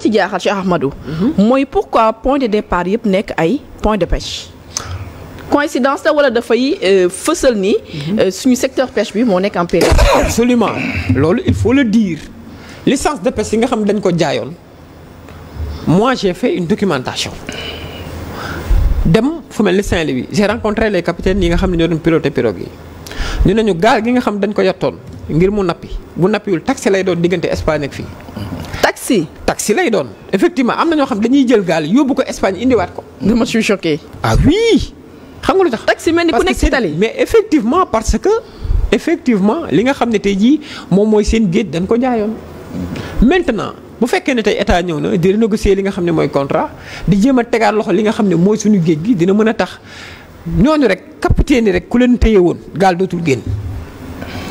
ci jaaxal Cheikh Ahmadou. mooy pourquoi point de départ yëpp nekk ay point de pêche. coïncidence la wala dafay euh, fësal ni. Mhm. Euh, suñu secteur pêche bi moo nekk en péril. absolument loolu il faut le dire licence de pêche yi nga xam dañ ko jaayoon mois j'ai fait une documentation dem fu mel ni Saint-Louis j'ai rencontré les capitaines yi nga xam ne ñoo doon piloté pirogue yi ñu ne ñu gaal gi nga xam dañ ko yattoon ngir mu nappi bu nappiwul taxi lay doon diggante Espagne ak fii. taxi. taxi lay doon effectivement am na ñoo xam dañuy jël gaal yóbbu ko Espagne indiwaat ko. dama suis choqué. ah oui xam nga lu tax. taxi mel ni ku nekk ci tali mais effectivement parce que effectivement li nga xam ne tey jii moom mooy seen géej dañ ko jaayoon. maintenant bu fekkee ne tey état ñëw na di renégocier li nga xam ne mooy contrat di jéem a tegaat loxo li nga xam ne mooy suñu géej gi dina mën a tax ñooñu rek capitaine yi rek ku leen teye woon gaal dootul génn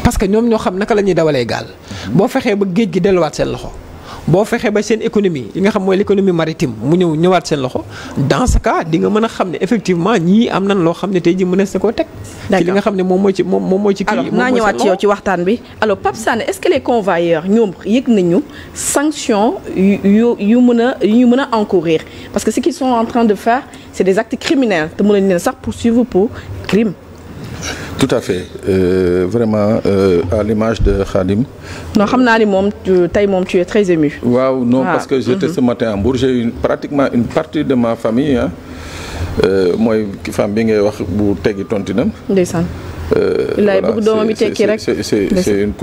parce que ñoom ñoo xam naka la ñuy dawalee gaal boo fexee ba géej gi delluwaat seen loxo. boo fexee ba seen économie li nga xam mooy l' économie maritime mu ñëw ñëwaat seen loxo dans ce di nga mën a xam ne effectivement ñii am nañ loo xam ne tey ji mënees na koo teg. ci li nga xam ne moom moo ci moom moom mooy ci. kii alors naa ñëwaat ci waxtaan bi alors Pape Sané est ce que les convoyeurs ñoom yëg nañu sanction yu yu mën a yu mën a encourir parce que ce qu'ils sont en train de faire c' est des actes criminels te mën nañu leen sax poursuivre pour crime. tout à fait euh, vraiment euh, à l'image de Khadim. non xam naa ni moom tey moom tu es très ému. waaw non ah. parce que j'étais mm -hmm. ce matin à Mbour pratiquement une partie de ma famille ah mooy femme bi ngay wax bu teggi tontinam. ndeysaan. Euh, voilà c'est c'est c'est une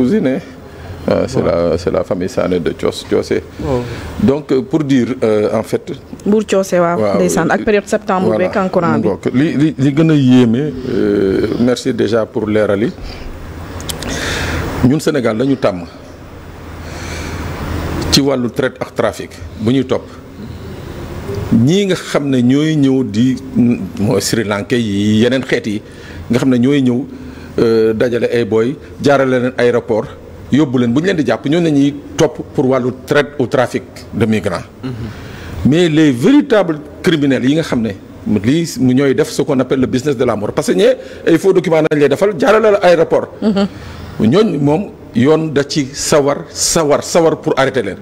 Euh, c'est la c'est la famille Sané de Thios Thiosé. Wow. Oh. donc euh, pour dire euh, en fait. Mbour Thiosé waaw. Euh, ndeysaan ak période septembre. voilà beeg bi li li gën a yéeme. Euh, merci déjà pour leerali ñun Sénégal dañu tàmm ci wàllu traite ak trafic bu ñuy topp. ñii nga xam ne ñooy ñëw di mooy Sri yi yeneen xeet yi nga xam ne ñooy ñëw dajale ay boy jaarale leen aéroport yóbbu leen bu ñu leen di jàpp ñooñu la ñuy topp pour wàllu traite au trafic de migrants. mais les véritables criminels yi nga xam ne lii mu ñooy def ce qu'on appelle le business de la mort parce que ñee ay faux documents nañ lay defal jaarale moom yoon da ci sawar sawar sawar pour arrêter leen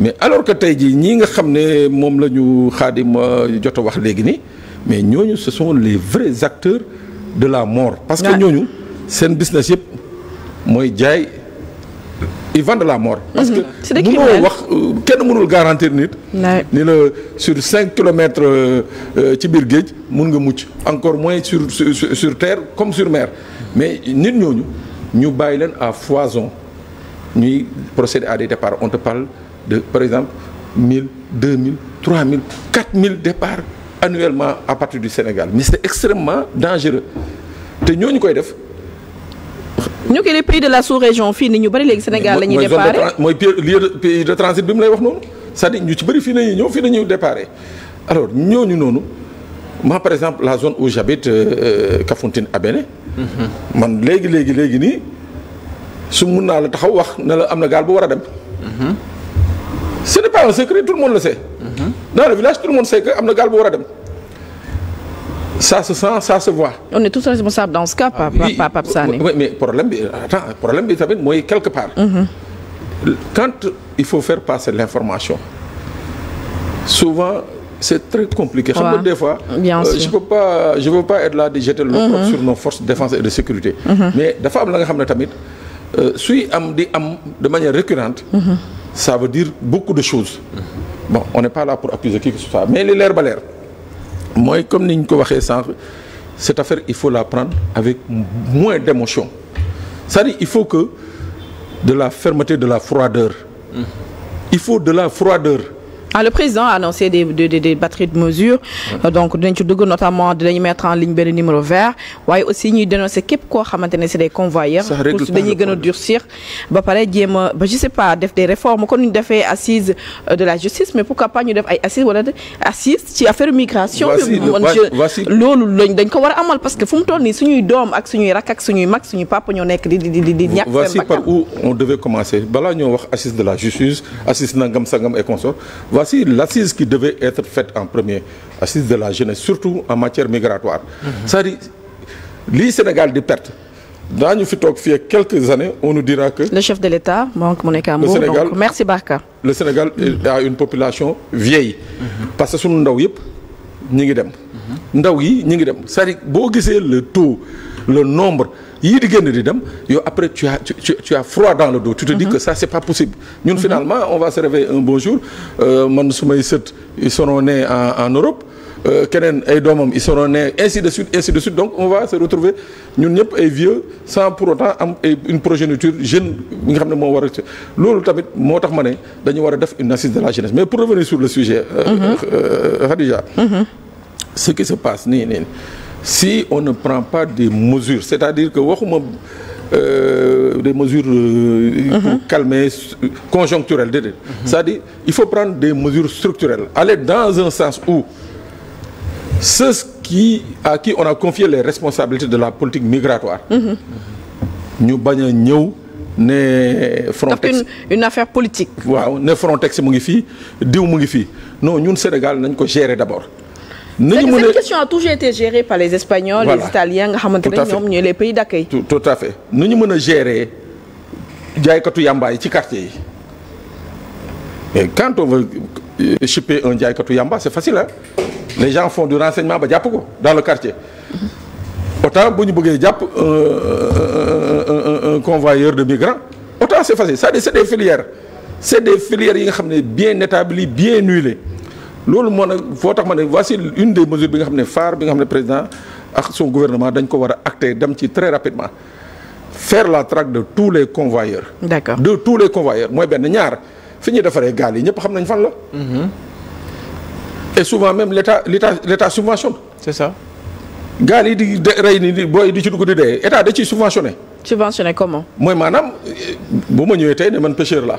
mais alors que tey jii ñii nga xam ne moom la ñu xaadim jot wax léegi nii mais ñooñu ce sont les vrais acteurs de la mort. parce que ñooñu seen business yëpp mooy jaay. ils vendent la mort. parce mhm. que mënoo wax euh, kenn mënul garantir nit. ni la sur cinq kilomètres euh, euh, ci biir géej mun nga mucc encore moins sur sur terre comme sur mer mais nit ñooñu ñu bàyyi leen à foison ñuy procéder à des départs on te parle de par exemple mille deux mille trois mille quatre mille départs annuellement à partir du Sénégal mais c'est extrêmement dangereux te ñoo ñu koy def. ñu ngi les pays de la sous-région fii ni ñu bëri léegi Sénégal la ñuy déparé mooy pays de transit bi mu lay wax noonu cest à ñu ci bëri fii la ñuy ñëw fii la ñuy déparé alors ñooñu noonu moi par exemple la zone au j'habite euh, euh, Kafountine Abéné mhm. man léegi léegi léegi nii su mun naa la taxaw wax ne la am na gaal bu war a dem mhm. ce n'est pas un secret tout le monde le sait mhm. dans le village tout le monde sait am na gaal bu war a dem ça se sent ça se voit. on est tous responsables dans ce cas. Ah, Pape oui, Pape Sané. mais problème bi attends problème bi tamit mooy quelque part. Mm-hmm. quand il faut faire passer l'information souvent c'est très compliqué. xam nga des fois. bien euh, sûr je peux pas je veux pas être là di jeter l'opprobre mm-hmm. sur nos forces de défense et de sécurité. Mm-hmm. mais dafa am la nga xam ne tamit euh, suy am di am de manière récurrente. ça veut dire beaucoup de choses. bon on n'est pas là pour accuser qui que ce soit mais li leer ba leer. mooy comme ni ñu ko waxee sànq cette affaire il faut la prendre avec moins d'émotion cest il faut que de la fermeté de la froideur mmh. il faut de la froideur ah le président a annoncé des des des, des batteries de mesures donc dinañ ci dugg notamment dinañ mettre en ligne benn numéro vert waaye aussi ñuy dénoncer képp koo xamante ne c'est des convoyeurs dañuy gën durcir ba pare jéem a je sais pas des réformes comme ñu defee assise euh, de la justice mais pourquoi pas ñu def ay assise ci affaire migration loolu lañ dañ ko war amal parce que fu mu toll doom ak suñuy rak ak suñuy mag suñuy papa ñoo nekk di di di di par où on devait commencer balaa ñoo wax assise de fois-ci l'assise qui devait être faite en premier assise de la jeunesse surtout en matière migratoire mhm. cest à Sénégal di perte daañu fi toog fii ak quelques années on nous dira que le chef de l'État manque mon le Sénégal mhm. a une population vieille mhm. parce que sunu ndaw yëpp ñi ngi dem ndaw yi ñi ngi dem cest bo dire boo gisee le taux le nombre yii di génn di dem yow après tu as tu, tu, dans le dos tu te dis mhm. que ça c'est pas possible ñun mhm. finalement on va se réveiller un bon jour euh, man su may sët ils seront nés en en Europe euh, keneen ay doomam ils seront nés ainsi de suite ainsi de suite donc on va se retrouver ñun ñëpp ay vieux sans pour autant am une progéniture jeune bi nga xam ne moo war a loolu tamit moo tax ma ne dañu war a def une assise de la jeunesse mais pour revenir sur le sujet euh, mhm. si on ne prend pas des mesures c'est-à-dire que waxuma euh, des mesures euh, pour mhm. calmer conjoncturelles déedéet mhm. c'est-à-dire il faut prendre des mesures structurelles aller dans un sens où ceux qui à qui on a confié les responsabilités de la politique migratoire mhm. ñu bañ a ñëw ne Frontex donc une, une affaire politique ne Frontex mu ngi fii diw mu ngi fii non ñun Sénégal nañ ko gérer d'abord nañu mën a cette question a toujours été gérée par les Espagnols les Italiens nga xamante ne ñoom ñooy les pays d'accueil nu ñu mën a gérer jaaykatu yamba ci quartier yi mais quand on veut choper un jaaykatu yamba c'est facile hein les gens font du renseignement ba jàpp ko dans le quartier autant bu ñu bëggee jàpp un convoyeur de migrants autant c'est facile c'est-à-dire c'est des filières c'est des filières yi nga xam ne bien établies bien huilées loolu moo nag foo tax ma ne voici une des mesures bi nga xam ne phare bi nga xam ne président ak son gouvernement dañ ko war a acté dem ci très rapidement faire la traque de tous les convoyeurs. d'accord de tous les convoyeurs mooy benn ñaar fi ñu defaree gaal yi ñëpp xam nañ fan la. Mm-hmm. et souvent même l'état l'état l'état subventionne. c'est ça. gaal yi di de rey nii booy di ci dugg di dee état da ciy subventionné. subventionné comment. mooy maanaam bu ma ñëwee tey ne man pêcheur la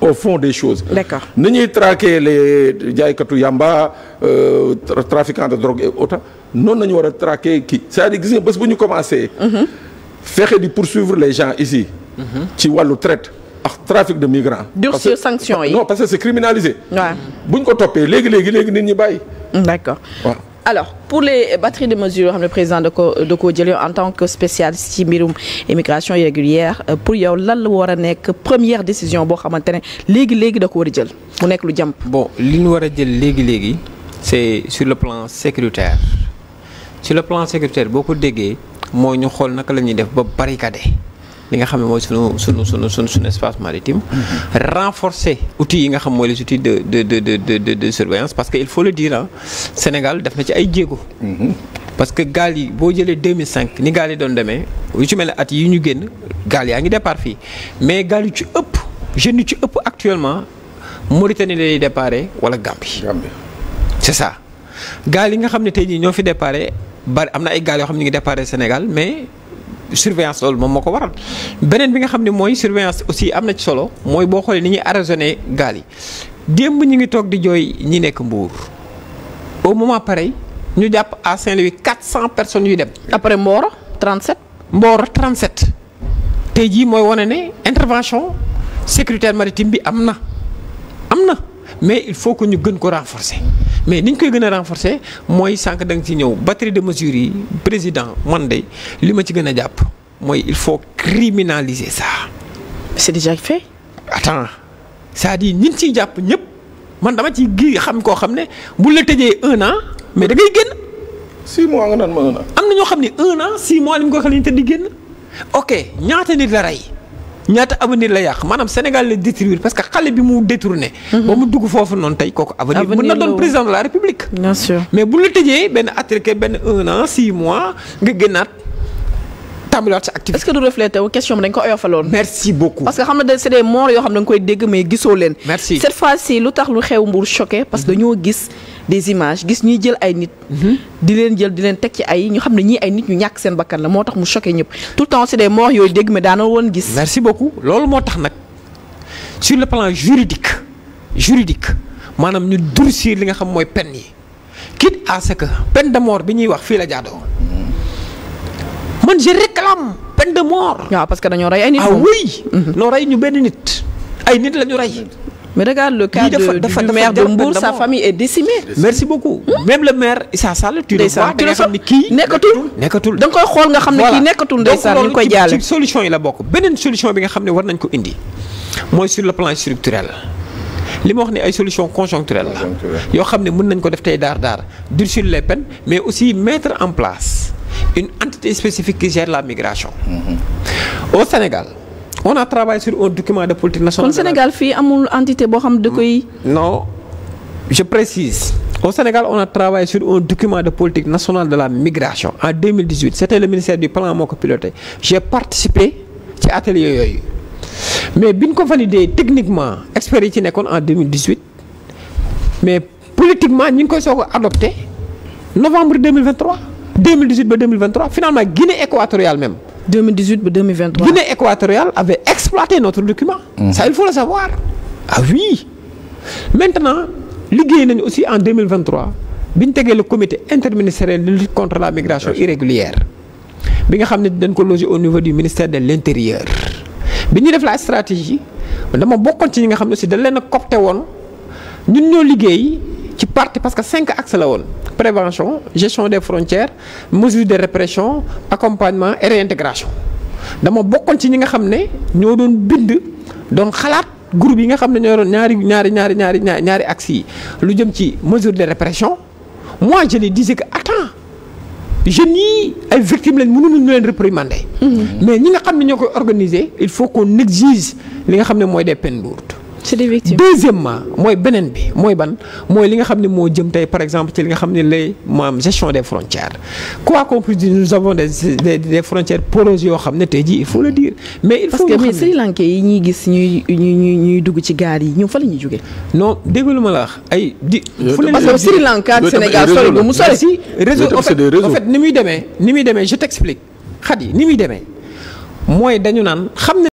au fond des choses. d'accord ni ñuy traquer les jaaykatu yamba euh, trafiquants de drogue et autres noonu nañu war a traquer kii c'est-à-dire gis nga bés bu ñu commencé. Mhm. fexe di poursuivre les gens ici. Mhm. ci wàllu traite ak trafic de migrants. durcir sanction yi non parce que c'est criminalisé. bu ñu ko toppee léegi léegi léegi nit ñi bàyyi. d'accord alors pour les batteries de mesures yoo xam ne président da ko da koo jël yow en tant que spécialiste ci mbirum immigration irrégulière euh, pour yow lan la war a nekk première décision boo xamante ne léegi léegi da ko war a jël mu nekk lu jàmp. bon li ñu war a jël léegi léegi c'est sur le plan sécuritaire sur le plan sécuritaire boo ko déggee moo ñu xool naka la ñuy def ba barricader li nga xam ne mooy sunu sunu sunu sunu sunu espace maritime mm-hmm. renforcer outils yi nga xam mooy les de de de de surveillance parce que il faut le dire ah Sénégal def na ci ay jéego. Mm-hmm. parce que gaal yi boo jëlee 2005 ni gaal yi doon demee yu ci mel ne at yi ñu génn gaal yaa ngi départ fii mais gaal yu ci ëpp jeunes yu ci ëpp actuellement Mauritanie lay déparé wala Gambie. Gambie c'est ça gaal yi nga xam ne tey jii ñoo fi déparé bari am na ay gaal yoo xam ne ngi déparé Sénégal mais. surveillance loolu moom moo ko waral beneen bi nga xam ne mooy surveillance aussi am na ci solo mooy boo xoolee ni ñuy arraisonné gaal yi démb ñu ngi toog di jooy ñi nekk Mbour au moment pareil ñu jàpp à Saint-Louis 400 personne yuy dem. après Mboro 37. Mboro 37 tey jii mooy wane ne intervention sécuritaire maritime bi am na am na. mais il faut que ñu gën ko renforcer mais niñ koy gën a renforcer mooy sànq danga nga ci ñëw batterie de mesures yi président man de li ma ci gën a jàpp mooy il faut criminaliser ça. c'est déjà fait. attends c'est-à-dire ñi ciy jàpp ñëpp man dama ci gi xam koo xam ne bu la tëjee un an mais dangay ngay génn. moo mois nga naan ma un an. am na ñoo xam ne un an six mois li mu ko xam ne te di génn ok ñaata nit la rey. ñaata avenir la yàq maanaam Sénégal la détruire parce que xale bi mu détourné. Mhm. ba mu dugg foofu noonu tey kooku avenir mën na doon président de la république. mais bu la tëjee benn attiré benn un an six mois nga génnaat. est-ce que du reflété wu question bi dañ ko oyofaloon. merci beaucoup parce que xam nga c'est des mots yoo xam ne da koy dégg mais gisoo leen. merci fois-ci lu tax lu xew Mbour choqué parce que ñoo gis. des images gis ñuy jël ay nit. Mhm. di leen jël di leen teg ci ay ñu xam ne ñii ay nit ñu ñàkk seen bakkan la moo tax mu choqué ñëpp tout le temps si des morts yooyu dégg mais daana woon gis. merci beaucoup loolu moo tax nag sur le plan juridique juridique maanaam ñu durcir li nga xam mooy pen yi quitte à ce que peine de mort bi ñuy wax fii la jaadoo man je réclame pen de mort. waaw parce que dañoo rey ay nit. ah oui. Mhm. noo rey ñu benn nit ay nit la ñu rey. mais regarde le cas de, de, du, du maire de Mbour sa famille est décimée. merci beaucoup. Hmm? même le maire Issa Sall. tu le vois da nga xam ne kii nekkatul nekkatul da nga koy xool nga xam ne kii nekkatul. ndeysaan ñu ngi koy jaale donc ci solution yi la bokk beneen solution bi nga xam ne war nañ ko indi mooy sur le plan structurel. li ma wax ne ay solution conjoncturelle la yoo xam ne mën nañ ko def tey daar daar durcir les peines mais aussi mettre en place une entité spécifique qui gère la migration. Mm -hmm. au Sénégal on a travaillé sur un document de politique nationale. kon Sénégal fii amul xam da koy. Hmm. non je précise. au Sénégal on a travaillé sur un document de politique la migration en 2018 c' le ministère du plan moo ko piloté j'ai participé ci atelier yooyu mais bi ñu ko validé techniquement experts yi ci nekkoon en 2018 mais politiquement ñu ngi koy soog a adopté novembre 2023 2018 ba 2023 finalement Guinée équatoriale même. 2018 ba 2023. Guinée équatoriale avait exploité notre document. Mmh. Ça, il faut le savoir. Ah oui. Maintenant, liggéey nañu aussi en 2023 bi ñu tegee le comité interministériel de lutte contre la migration irrégulière bi nga xam ne dañ ko loger au niveau du ministère de l'intérieur bi ñu def la stratégie dama bokkoon ci ñi nga xam ne aussi dañ leen a copté woon ñun ñoo liggéey. ci parti parce que cinq axes la woon prévention gestion des frontières mesure de répression accompagnement et réintégration dama bokkoon ci ñi nga xam ne ñoo doon bind doon xalaat groupe yi nga xam ne ñoo doon ñaari ñaari ñaari ñaari ñaari axes yi lu jëm ci mesure de répression moi je lui disais que attends jeunes yi ay victimes lañ mënuñu ñu leen réprimander mm-hmm. mais ñi nga xam ne ñoo koy organiser il faut qu'on exige li nga xam ne mooy des peines c'est des victimes deuxièmement mooy beneen bi mooy ban mooy li nga xam ne moo jëm tey par exemple ci li nga xam ne lay moo am gestion des frontières quoi qu'on puisse xam ne tey jii il faut le dire mais yi ñuy gis ñuy ñuy ñuy dugg ci gaal yi ñoom fa la ñuy jógee non déglu lu ma la wax ay di fu parce ni muy demee ni muy demee je t'explique xat yi ni muy demee mooy dañu naan xam ne